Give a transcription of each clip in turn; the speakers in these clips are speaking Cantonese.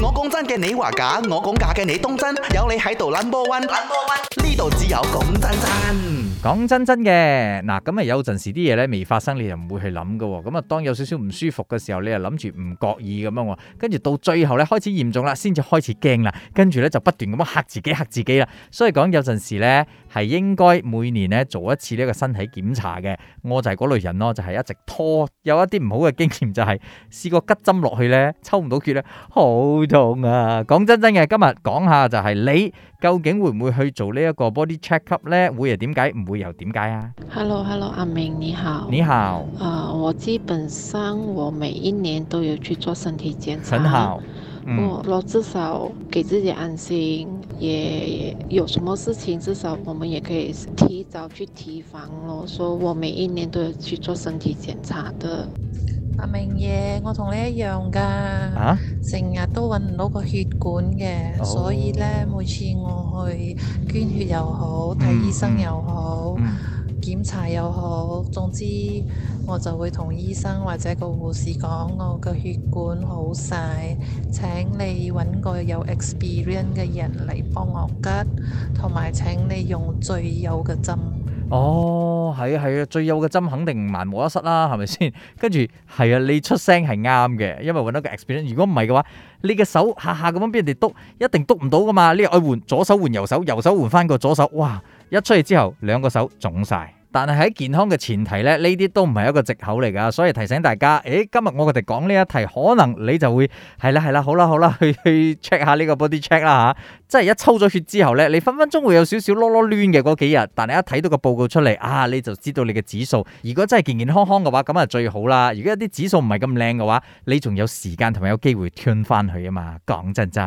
我講真嘅，你話假；我講假嘅，你當真。有你喺度捻波溫，捻波溫，呢度只有講真真。講真真嘅，嗱，咁啊有陣時啲嘢咧未發生，你就唔會去諗噶。咁啊，當有少少唔舒服嘅時候，你又諗住唔覺意咁樣。跟住到最後咧開始嚴重啦，先至開始驚啦。跟住咧就不斷咁樣嚇自己，嚇自己啦。所以講有陣時咧係應該每年咧做一次呢一個身體檢查嘅。我就係嗰類人咯，就係一直拖，有一啲唔好嘅經驗就係試過吉針落去咧抽唔到血咧，好～啊，講真真嘅，今日講下就係你究竟會唔會去做呢一個 body checkup 咧？會啊？點解唔會又點解啊？Hello，Hello，阿明你好。你好。啊，我基本上我每一年都有去做身體檢查。很好，我至少給自己安心，也有什麼事情至少我們也可以提早去提防咯。所以我每一年都有去做身體檢查的。阿明爺，我同你一樣噶，成日、啊、都搵唔到個血管嘅，oh. 所以呢，每次我去捐血又好，睇、mm hmm. 醫生又好，檢、mm hmm. 查又好，總之我就會同醫生或者個護士講，我個血管好細，請你搵個有 experience 嘅人嚟幫我吉，同埋請你用最幼嘅針。哦，係啊係啊，最右嘅針肯定萬無一失啦，係咪先？跟住係啊，你出聲係啱嘅，因為揾到個 experience。如果唔係嘅話，你嘅手下下咁樣俾人哋督，一定督唔到噶嘛。你又愛換左手換右手，右手換翻個左手，哇！一出去之後，兩個手腫晒。但係喺健康嘅前提呢，呢啲都唔係一個借口嚟噶，所以提醒大家，誒、欸，今日我哋講呢一題，可能你就會係啦係啦，好啦好啦，去去 check 下呢個 body check 啦吓、啊，即係一抽咗血之後呢，你分分鐘會有少少囉囉攣嘅嗰幾日，但係一睇到一個報告出嚟啊，你就知道你嘅指數。如果真係健健康康嘅話，咁啊最好啦。如果一啲指數唔係咁靚嘅話，你仲有時間同埋有機會 turn 翻去啊嘛。講真真，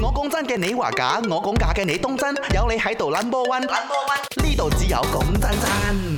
我講真嘅你話假，我講假嘅你當真，你真，有你喺度 number one，number one，呢度只有講真真。